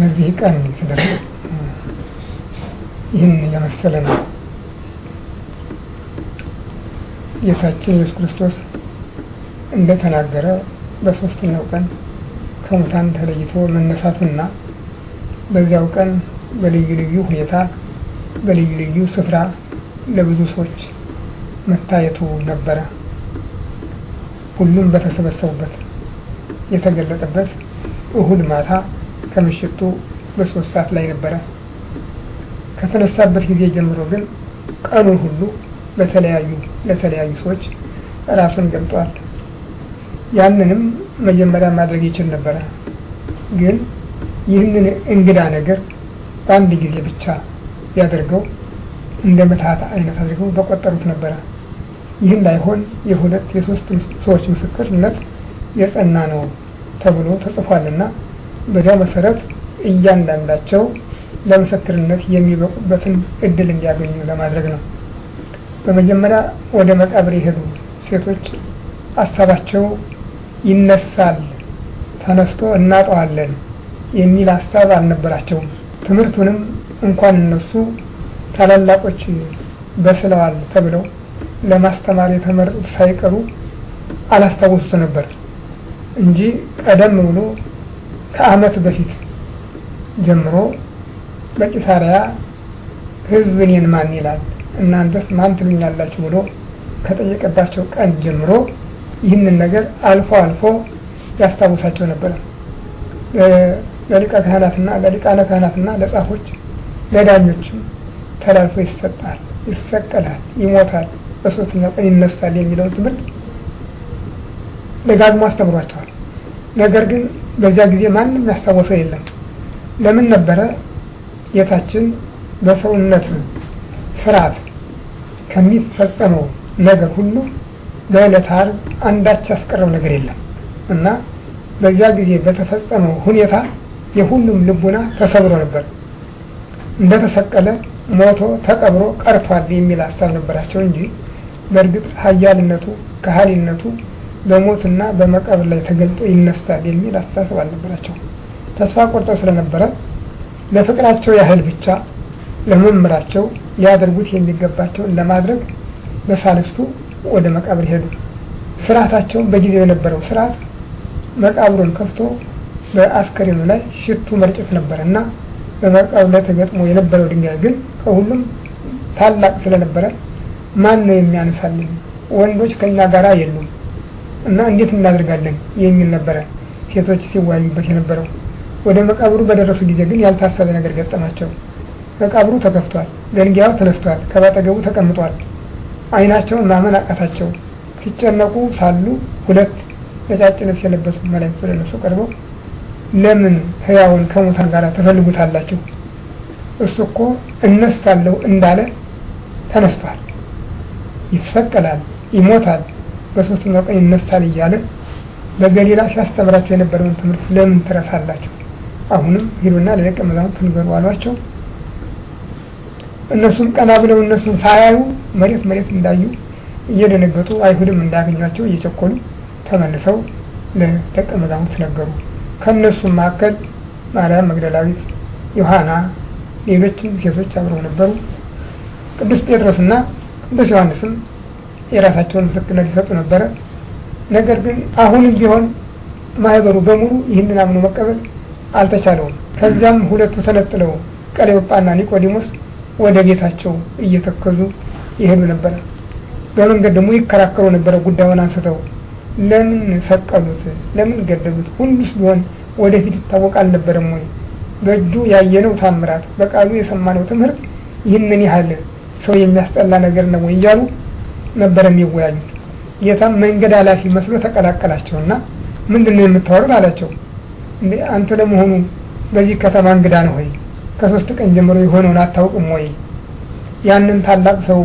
በዚህ ቀን ተደርጎ ይህን እየመሰለ ነው ጌታችን ኢየሱስ ክርስቶስ እንደተናገረ በሶስተኛው ቀን ከሙታን ተለይቶ መነሳቱና በዚያው ቀን በልዩ ልዩ ሁኔታ በልዩ ልዩ ስፍራ ለብዙ ሰዎች መታየቱ ነበረ። ሁሉም በተሰበሰቡበት የተገለጠበት እሁድ ማታ ከምሽቱ በሶስት ሰዓት ላይ ነበረ። ከተነሳበት ጊዜ ጀምሮ ግን ቀኑን ሁሉ ለተለያዩ ለተለያዩ ሰዎች ራሱን ገልጧል። ያንንም መጀመሪያ ማድረግ ይችል ነበረ። ግን ይህንን እንግዳ ነገር በአንድ ጊዜ ብቻ ያደርገው እንደ ምትሃት አይነት አድርገው በቆጠሩት ነበረ። ይህ እንዳይሆን የሁለት የሶስት ሰዎች ምስክርነት የጸና ነው ተብሎ ተጽፏልና በዚያ መሰረት እያንዳንዳቸው ለምስክርነት የሚበቁበትን እድል እንዲያገኙ ለማድረግ ነው። በመጀመሪያ ወደ መቃብር የሄዱ ሴቶች ሀሳባቸው ይነሳል፣ ተነስቶ እናጠዋለን የሚል ሀሳብ አልነበራቸውም። ትምህርቱንም እንኳን እነሱ ታላላቆች በስለዋል ተብለው ለማስተማር የተመረጡት ሳይቀሩ አላስታወሱት ነበር እንጂ ቀደም ብሎ ከአመት በፊት ጀምሮ በቂሳሪያ ሕዝብ እኔን ማን ይላል እናንተስ ማን ትሉኛላችሁ ብሎ ከጠየቀባቸው ቀን ጀምሮ ይህንን ነገር አልፎ አልፎ ያስታውሳቸው ነበረ። ለሊቀ ካህናትና ለሊቃነ ካህናትና ለጻፎች ለዳኞችም ተላልፎ ይሰጣል፣ ይሰቀላል፣ ይሞታል፣ በሶስተኛው ቀን ይነሳል የሚለውን ትምህርት ደጋግሞ አስተምሯቸዋል። ነገር ግን በዚያ ጊዜ ማንም ያስታወሰው የለም። ለምን ነበረ? ጌታችን በሰውነት ስርዓት ከሚፈጸመው ነገር ሁሉ በዕለተ ዓርብ አንዳች ያስቀረው ነገር የለም እና በዚያ ጊዜ በተፈጸመው ሁኔታ የሁሉም ልቡና ተሰብሮ ነበር። እንደተሰቀለ ሞቶ ተቀብሮ ቀርቷል የሚል ሀሳብ ነበራቸው እንጂ በእርግጥ ሀያልነቱ ከሀሊነቱ በሞትና በመቃብር ላይ ተገልጦ ይነሳል የሚል አስተሳሰብ አልነበራቸው። ተስፋ ቆርጠው ስለነበረ ለፍቅራቸው ያህል ብቻ ለመምህራቸው ሊያደርጉት የሚገባቸውን ለማድረግ በሳልስቱ ወደ መቃብር ሄዱ። ስርዓታቸውን በጊዜው የነበረው ስርዓት መቃብሩን ከፍቶ በአስከሬኑ ላይ ሽቱ መርጨት ነበረ እና በመቃብር ላይ ተገጥሞ የነበረው ድንጋይ ግን ከሁሉም ታላቅ ስለነበረ ማን ነው የሚያነሳልን? ወንዶች ከኛ ጋር የሉም እና እንዴት እናደርጋለን የሚል ነበረ ሴቶች ሲወያዩበት የነበረው። ወደ መቃብሩ በደረሱ ጊዜ ግን ያልታሰበ ነገር ገጠማቸው። መቃብሩ ተከፍቷል፣ ገንጊያው ተነስቷል፣ ከባጠገቡ ተቀምጧል። አይናቸውን ማመን አቃታቸው። ሲጨነቁ ሳሉ ሁለት ነጫጭ ልብስ የለበሱ መላእክት ወደ እነሱ ቀርበው ለምን ህያውን ከሙታን ጋር ተፈልጉታላችሁ? እሱ እኮ እነሳለሁ እንዳለ ተነስቷል፣ ይሰቀላል፣ ይሞታል በሶስተኛው ቀን ይነሳል እያለ በገሊላ ሲያስተምራቸው የነበረውን ትምህርት ለምን ትረሳላቸው? አሁንም ሂዱና ለደቀ መዛሙርት ንገሩ አሏቸው። እነሱም ቀና ብለው እነሱን ሳያዩ መሬት መሬት እንዳዩ እየደነገጡ አይሁድም እንዳያገኟቸው እየቸኮሉ ተመልሰው ለደቀ መዛሙርት ነገሩ። ከእነሱም መካከል ማርያም መግደላዊት፣ ዮሐና፣ ሌሎችም ሴቶች አብረው ነበሩ። ቅዱስ ጴጥሮስና ቅዱስ ዮሐንስም የራሳቸውን ምስክርነት ይሰጡ ነበረ። ነገር ግን አሁንም ቢሆን ማህበሩ በሙሉ ይህንን አምኖ መቀበል አልተቻለውም። ከዚያም ሁለቱ ተነጥለው ቀለዮጳና ኒቆዲሞስ ወደ ቤታቸው እየተከዙ ይሄዱ ነበረ። በመንገድ ደግሞ ይከራከሩ ነበረ። ጉዳዩን አንስተው ለምን ሰቀሉት? ለምን ገደሉት? ሁሉስ ቢሆን ወደፊት ይታወቅ አልነበረም ወይ? በእጁ ያየነው ታምራት፣ በቃሉ የሰማነው ትምህርት ይህንን ያህል ሰው የሚያስጠላ ነገር ነው ወይ እያሉ ነበር የሚወያዩት። ጌታም መንገድ ኃላፊ መስሎ ተቀላቀላቸውና ምንድን ነው የምታወሩት አላቸው። አንተ ለመሆኑ በዚህ ከተማ እንግዳ ነው ወይ ከሶስት ቀን ጀምሮ የሆነውን አታውቅም ወይ? ያንን ታላቅ ሰው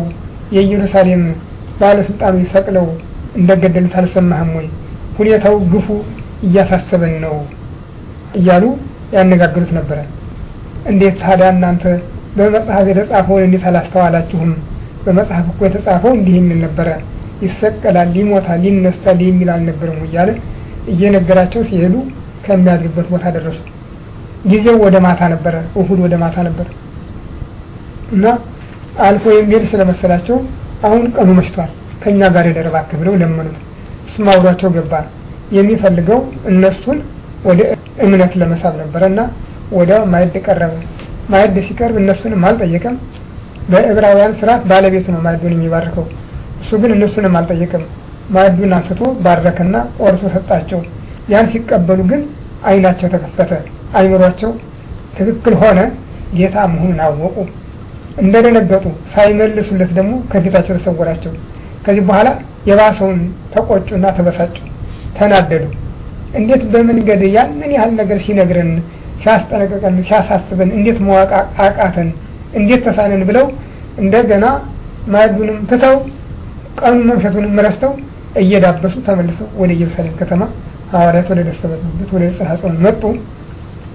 የኢየሩሳሌም ባለስልጣኖች ሰቅለው እንደገደሉት አልሰማህም ወይ? ሁኔታው ግፉ እያሳሰበን ነው እያሉ ያነጋግሩት ነበረ። እንዴት ታዲያ እናንተ በመጽሐፍ የተጻፈውን እንዴት አላስተዋላችሁም በመጽሐፍ እኮ የተጻፈው እንዲህ የሚል ነበረ፣ ይሰቀላል፣ ይሞታል፣ ይነሳል የሚል አልነበረም እያለ እየነገራቸው ሲሄዱ ከሚያድርበት ቦታ ደረሱ። ጊዜው ወደ ማታ ነበረ፣ እሁድ ወደ ማታ ነበረ እና አልፎ የሚሄድ ስለመሰላቸው አሁን ቀኑ መሽቷል፣ ከእኛ ጋር የደረባክ ብለው ለመኑት። እሱም አብሯቸው ገባ። የሚፈልገው እነሱን ወደ እምነት ለመሳብ ነበረ እና ወዲያው ማየድ ቀረበ። ማየድ ሲቀርብ እነሱንም አልጠየቀም። በዕብራውያን ስርዓት ባለቤቱ ነው ማዕዱን የሚባርከው። እሱ ግን እነሱንም አልጠየቅም። ማዕዱን አንስቶ ባረከና ቆርሶ ሰጣቸው። ያን ሲቀበሉ ግን አይናቸው ተከፈተ፣ አይምሯቸው ትክክል ሆነ፣ ጌታ መሆኑን አወቁ። እንደደነገጡ ሳይመልሱለት ደግሞ ከፊታቸው ተሰወራቸው። ከዚህ በኋላ የባሰውን ተቆጩና ተበሳጩ፣ ተናደዱ። እንዴት በመንገድ ያንን ያህል ነገር ሲነግረን ሲያስጠነቀቀን ሲያሳስበን እንዴት መዋቅ አቃተን? እንዴት ተሳነን ብለው እንደገና ማዕዱንም ትተው ቀኑን መምሸቱንም ረስተው እየዳበሱ ተመልሰው ወደ ኢየሩሳሌም ከተማ ሐዋርያት ወደ ደሰበቱበት ወደ ጽርሐ መጡ።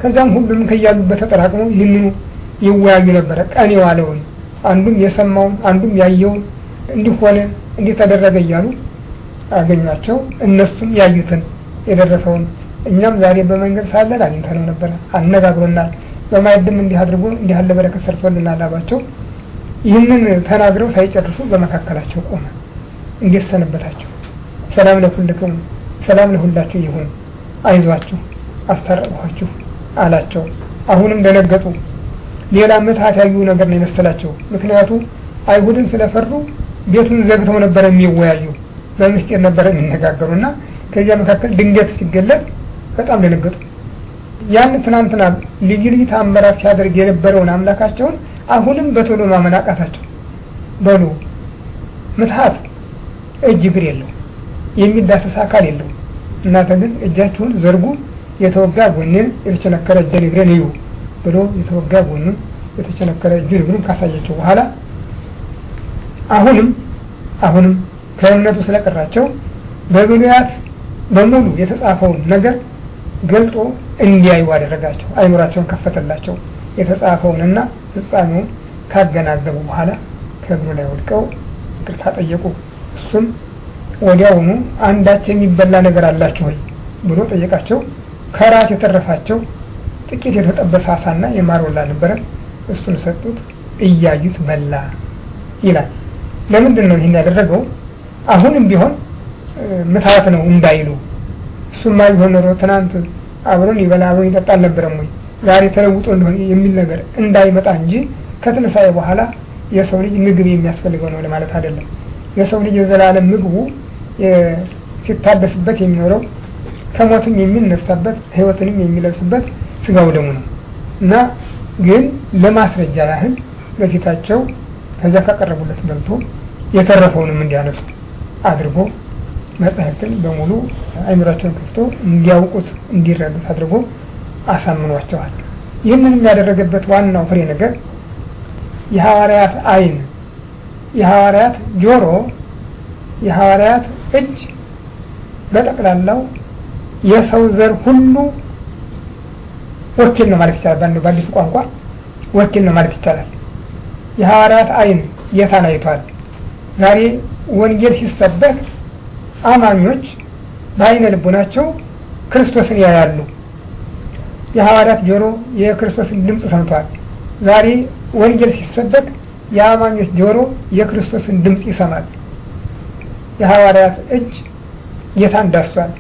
ከዛም ሁሉም ከያሉበት ተጠራቅመው ይህንኑ ይወያዩ ነበረ። ቀን የዋለውን አንዱም የሰማውን አንዱም ያየውን እንዲሆነ እንዲህ ተደረገ እያሉ አገኟቸው። እነሱም ያዩትን የደረሰውን እኛም ዛሬ በመንገድ ሳለን አግኝተነው ነበረ፣ አነጋግሮናል በማዕድም እንዲህ አድርጎ እንዲህ ያለ በረከት ሰርቶልናል አሏቸው። ይህንን ተናግረው ሳይጨርሱ በመካከላቸው ቆመ። እንዴት ሰነበታቸው? ሰላም ለኩልክም ሰላም ለሁላችሁ ይሁን፣ አይዟችሁ፣ አስታረቅኋችሁ አላቸው። አሁንም ደነገጡ። ሌላ ምትሃት ያዩ ነገር ነው የመሰላቸው። ምክንያቱ አይሁድን ስለፈሩ ቤቱን ዘግተው ነበር የሚወያዩ፣ በምስጢር ነበር የሚነጋገሩ እና ከዚያ መካከል ድንገት ሲገለጥ በጣም ደነገጡ። ያን ትናንትና ልዩ ልዩ ተአምራት ሲያደርግ የነበረውን አምላካቸውን አሁንም በቶሎ ማመን አቃታቸው። በሉ ምትሀት እጅ እግር የለው የሚዳሰስ አካል የለው። እናንተ ግን እጃችሁን ዘርጉ የተወጋ ጎኔን የተቸነከረ እጀን እግሬን እዩ ብሎ የተወጋ ጎኑን የተቸነከረ እጁን እግሩን ካሳያቸው በኋላ አሁንም አሁንም ከእምነቱ ስለቀራቸው በብሉያት በሙሉ የተጻፈውን ነገር ገልጦ እንዲያዩ አደረጋቸው፣ አይምሯቸውን ከፈተላቸው። የተጻፈውንና ፍጻሜውን ካገናዘቡ በኋላ ከእግሩ ላይ ወድቀው ይቅርታ ጠየቁ። እሱም ወዲያውኑ አንዳች የሚበላ ነገር አላችሁ ወይ ብሎ ጠየቃቸው። ከራት የተረፋቸው ጥቂት የተጠበሰ አሳና የማር ወላ ነበረ። እሱን ሰጡት፣ እያዩት በላ ይላል። ለምንድን ነው ይህን ያደረገው? አሁንም ቢሆን ምታት ነው እንዳይሉ እሱማ ቢሆን ኖሮ ትናንት አብሮን ይበላ አብሮን ይጠጣ አልነበረም ወይ ዛሬ ተለውጦ እንደሆነ የሚል ነገር እንዳይመጣ እንጂ ከትንሳኤ በኋላ የሰው ልጅ ምግብ የሚያስፈልገው ነው ለማለት አይደለም። የሰው ልጅ የዘላለም ምግቡ ሲታደስበት የሚኖረው ከሞትም የሚነሳበት ህይወትንም የሚለብስበት ስጋው ደሙ ነው እና ግን ለማስረጃ ያህል በፊታቸው ከዚያ ካቀረቡለት በልቶ የተረፈውንም እንዲያነሱ አድርጎ መጽሐፍትን በሙሉ አይምሯቸውን ከፍቶ እንዲያውቁት እንዲረዱት አድርጎ አሳምኗቸዋል። ይህንን ያደረገበት ዋናው ፍሬ ነገር የሐዋርያት አይን የሐዋርያት ጆሮ፣ የሐዋርያት እጅ፣ በጠቅላላው የሰው ዘር ሁሉ ወኪል ነው ማለት ይቻላል። በአዲሱ ቋንቋ ወኪል ነው ማለት ይቻላል። የሐዋርያት አይን ጌታን አይቷል። ዛሬ ወንጌል ሲሰበክ አማኞች በአይነ ልቡናቸው ክርስቶስን ያያሉ። የሐዋርያት ጆሮ የክርስቶስን ድምፅ ሰምቷል። ዛሬ ወንጌል ሲሰበክ የአማኞች ጆሮ የክርስቶስን ድምፅ ይሰማል። የሐዋርያት እጅ ጌታን ዳስሷል።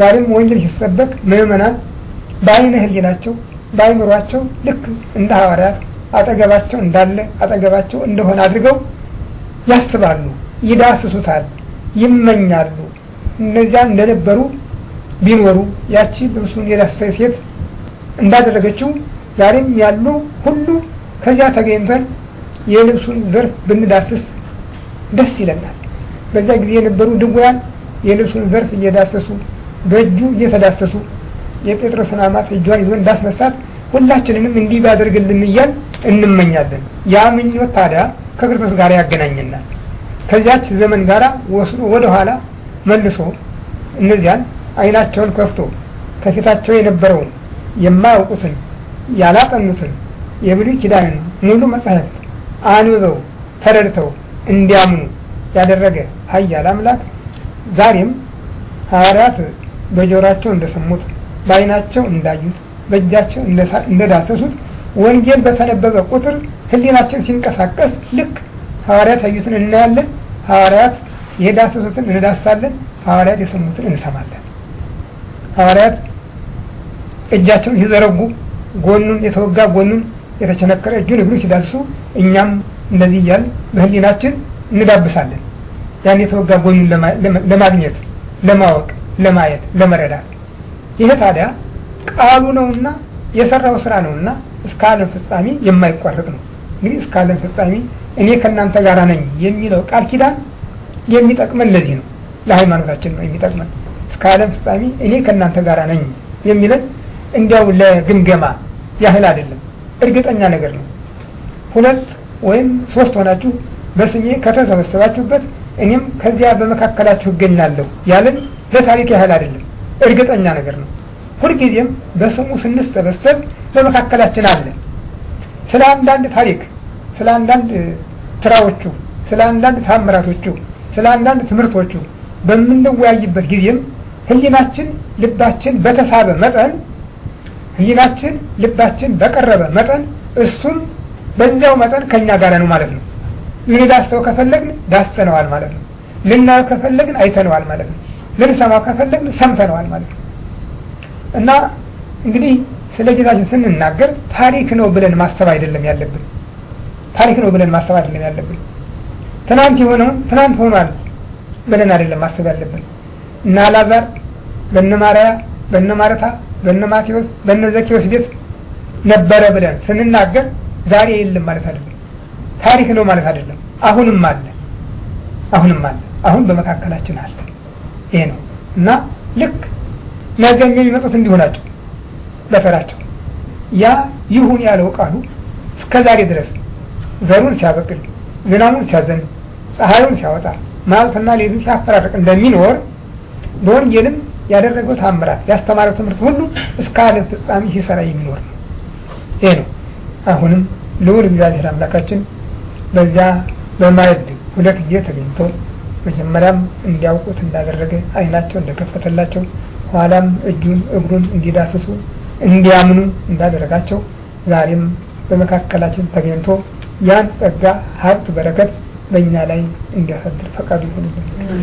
ዛሬም ወንጌል ሲሰበክ ምዕመናን በአይነ ህሊናቸው በአይምሯቸው ልክ እንደ ሐዋርያት አጠገባቸው እንዳለ አጠገባቸው እንደሆነ አድርገው ያስባሉ፣ ይዳስሱታል፣ ይመኛሉ። እነዚያ እንደነበሩ ቢኖሩ ያቺ ልብሱን የዳሰሰ ሴት እንዳደረገችው ዛሬም ያሉ ሁሉ ከዚያ ተገኝተን የልብሱን ዘርፍ ብንዳስስ ደስ ይለናል። በዚያ ጊዜ የነበሩ ድውያን የልብሱን ዘርፍ እየዳሰሱ በእጁ እየተዳሰሱ የጴጥሮስን አማት እጇን ይዞ እንዳስነሳት ሁላችንንም እንዲህ ቢያደርግልን እያል እንመኛለን። ያ ምኞት ታዲያ ከክርስቶስ ጋር ያገናኘናል። ከዚያች ዘመን ጋር ወስዶ ወደኋላ መልሶ እነዚያን አይናቸውን ከፍቶ ከፊታቸው የነበረውን የማያውቁትን ያላጠኑትን የብሉይ ኪዳንን ሙሉ መጽሐፍት አንብበው ተረድተው እንዲያምኑ ያደረገ ኃያል አምላክ ዛሬም ሐዋርያት በጆሯቸው እንደሰሙት በአይናቸው እንዳዩት በእጃቸው እንደዳሰሱት ወንጌል በተነበበ ቁጥር ሕሊናቸው ሲንቀሳቀስ ልክ ሐዋርያት ያዩትን እናያለን። ሐዋርያት የዳሰሱትን እንዳስሳለን፣ ሐዋርያት የሰሙትን እንሰማለን። ሐዋርያት እጃቸውን ሲዘረጉ ጎኑን የተወጋ ጎኑን የተቸነከረ እጁን እግሩ ሲዳስሱ እኛም እንደዚህ እያል በህሊናችን እንዳብሳለን። ያን የተወጋ ጎኑን ለማግኘት ለማወቅ፣ ለማየት፣ ለመረዳት ይሄ ታዲያ ቃሉ ነውና የሰራው ስራ ነውና እስከ ዓለም ፍጻሜ የማይቋረጥ ነው። እንግዲህ እስከ ዓለም ፍጻሜ እኔ ከእናንተ ጋር ነኝ የሚለው ቃል ኪዳን የሚጠቅመን ለዚህ ነው፣ ለሃይማኖታችን ነው የሚጠቅመን። እስከ ዓለም ፍጻሜ እኔ ከእናንተ ጋር ነኝ የሚለን እንዲያው ለግምገማ ያህል አይደለም፣ እርግጠኛ ነገር ነው። ሁለት ወይም ሶስት ሆናችሁ በስሜ ከተሰበሰባችሁበት እኔም ከዚያ በመካከላችሁ እገኛለሁ ያለን ለታሪክ ያህል አይደለም፣ እርግጠኛ ነገር ነው። ሁልጊዜም በስሙ ስንሰበሰብ በመካከላችን አለ። ስለ አንዳንድ ታሪክ፣ ስለ አንዳንድ ስራዎቹ፣ ስለ አንዳንድ ታምራቶቹ ስለ አንዳንድ ትምህርቶቹ በምንወያይበት ጊዜም ህሊናችን ልባችን በተሳበ መጠን ህሊናችን ልባችን በቀረበ መጠን እሱም በዚያው መጠን ከኛ ጋር ነው ማለት ነው። ልንዳስተው ከፈለግን ዳስተነዋል ማለት ነው። ልናየው ከፈለግን አይተነዋል ማለት ነው። ልንሰማው ከፈለግን ሰምተነዋል ማለት ነው። እና እንግዲህ ስለ ጌታችን ስንናገር ታሪክ ነው ብለን ማሰብ አይደለም ያለብን። ታሪክ ነው ብለን ማሰብ አይደለም ያለብን። ትናንት የሆነውን ትናንት ሆኗል ብለን አይደለም ማሰብ ያለብን። እነ አላዛር በነ ማርያ በነ ማርታ በነ ማቴዎስ በነ ዘኬዎስ ቤት ነበረ ብለን ስንናገር ዛሬ የለም ማለት አይደለም። ታሪክ ነው ማለት አይደለም። አሁንም አለ፣ አሁንም አለ፣ አሁን በመካከላችን አለ። ይሄ ነው እና ልክ ነገ የሚመጡት እንዲሁ ናቸው በተራቸው። ያ ይሁን ያለው ቃሉ እስከ ዛሬ ድረስ ዘሩን ሲያበቅል ዝናሙን ሲያዘንብ ፀሐዩን ሲያወጣ ማልትና ሌሊቱን ሲያፈራርቅ እንደሚኖር በወንጌልም ያደረገው ታምራት ያስተማረው ትምህርት ሁሉ እስከ ዓለም ፍጻሜ ሲሰራ የሚኖር ነው። ይሄ ነው። አሁንም ልዑል እግዚአብሔር አምላካችን በዚያ በማዕድ ሁለት ጊዜ ተገኝቶ መጀመሪያም እንዲያውቁት እንዳደረገ ዓይናቸው እንደከፈተላቸው ኋላም እጁን እግሩን እንዲዳስሱ እንዲያምኑ እንዳደረጋቸው ዛሬም በመካከላችን ተገኝቶ ያን ጸጋ ሀብት በረከት በእኛ ላይ እንዲያሳድር ፈቃዱ ይሆንልን።